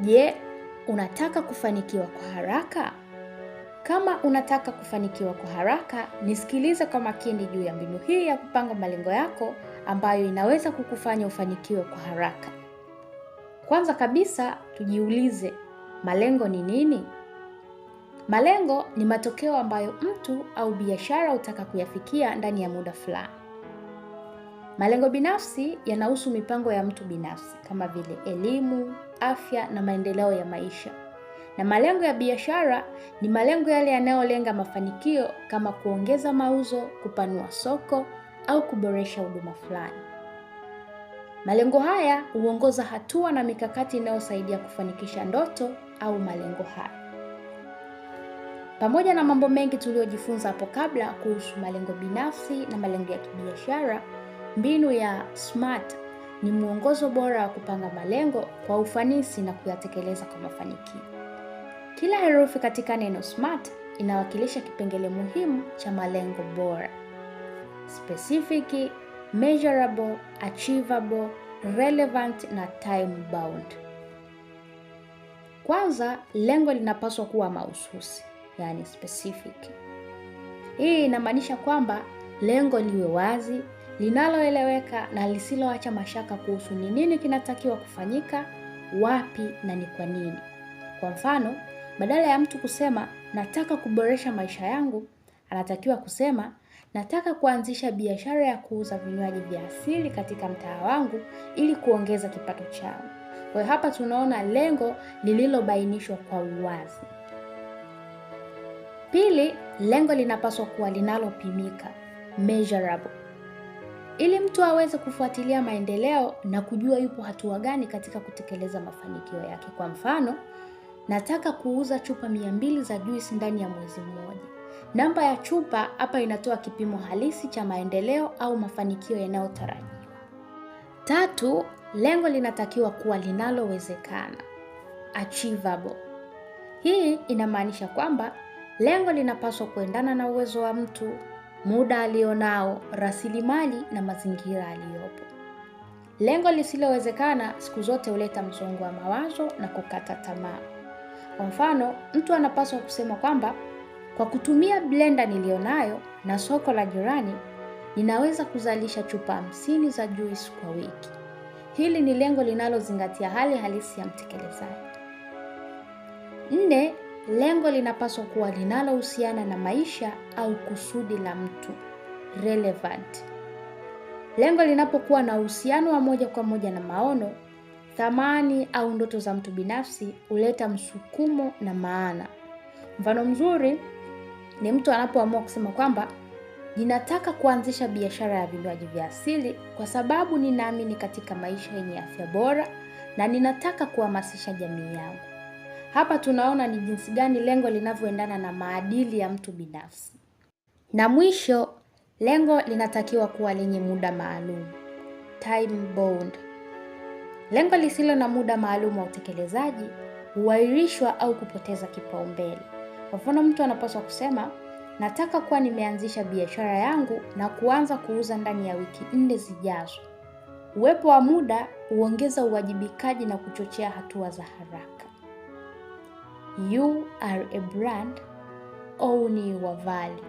Je, unataka kufanikiwa kwa haraka? Kama unataka kufanikiwa kwa haraka, nisikilize kwa makini juu ya mbinu hii ya kupanga malengo yako ambayo inaweza kukufanya ufanikiwe kwa haraka. Kwanza kabisa, tujiulize, malengo ni nini? Malengo ni matokeo ambayo mtu au biashara utaka kuyafikia ndani ya muda fulani. Malengo binafsi yanahusu mipango ya mtu binafsi kama vile elimu, afya na maendeleo ya maisha. Na malengo ya biashara ni malengo yale yanayolenga mafanikio kama kuongeza mauzo, kupanua soko au kuboresha huduma fulani. Malengo haya huongoza hatua na mikakati inayosaidia kufanikisha ndoto au malengo haya. Pamoja na mambo mengi tuliyojifunza hapo kabla kuhusu malengo binafsi na malengo ya kibiashara, Mbinu ya SMART ni mwongozo bora wa kupanga malengo kwa ufanisi na kuyatekeleza kwa mafanikio. Kila herufi katika neno SMART inawakilisha kipengele muhimu cha malengo bora: specific, measurable, achievable, relevant na time bound. Kwanza, lengo linapaswa kuwa mahususi, yani specific. Hii inamaanisha kwamba lengo liwe wazi, linaloeleweka na lisiloacha mashaka kuhusu ni nini kinatakiwa kufanyika, wapi na ni kwa nini. Kwa mfano, badala ya mtu kusema nataka kuboresha maisha yangu, anatakiwa kusema nataka kuanzisha biashara ya kuuza vinywaji vya asili katika mtaa wangu ili kuongeza kipato changu. Kwa hiyo hapa tunaona lengo lililobainishwa kwa uwazi. Pili, lengo linapaswa kuwa linalopimika, measurable ili mtu aweze kufuatilia maendeleo na kujua yupo hatua gani katika kutekeleza mafanikio yake. Kwa mfano, nataka kuuza chupa mia mbili za juisi ndani ya mwezi mmoja. Namba ya chupa hapa inatoa kipimo halisi cha maendeleo au mafanikio yanayotarajiwa. Tatu, lengo linatakiwa kuwa linalowezekana, achievable. Hii inamaanisha kwamba lengo linapaswa kuendana na uwezo wa mtu muda alionao, rasilimali na mazingira aliyopo. Lengo lisilowezekana siku zote huleta msongo wa mawazo na kukata tamaa. Kwa mfano, mtu anapaswa kusema kwamba kwa kutumia blenda nilionayo na soko la jirani, ninaweza kuzalisha chupa hamsini za juisi kwa wiki. Hili ni lengo linalozingatia hali halisi ya mtekelezaji. Nne, lengo linapaswa kuwa linalohusiana na maisha au kusudi la mtu relevant. Lengo linapokuwa na uhusiano wa moja kwa moja na maono, thamani au ndoto za mtu binafsi, huleta msukumo na maana. Mfano mzuri ni mtu anapoamua kusema kwamba ninataka kuanzisha biashara ya vinywaji vya asili kwa sababu ninaamini katika maisha yenye afya bora na ninataka kuhamasisha jamii yangu. Hapa tunaona ni jinsi gani lengo linavyoendana na maadili ya mtu binafsi. Na mwisho, lengo linatakiwa kuwa lenye muda maalum, time bound. Lengo lisilo na muda maalum wa utekelezaji huahirishwa au kupoteza kipaumbele. Kwa mfano, mtu anapaswa kusema nataka kuwa nimeanzisha biashara yangu na kuanza kuuza ndani ya wiki nne zijazo. Uwepo wa muda huongeza uwajibikaji na kuchochea hatua za haraka. You are a brand, own your value.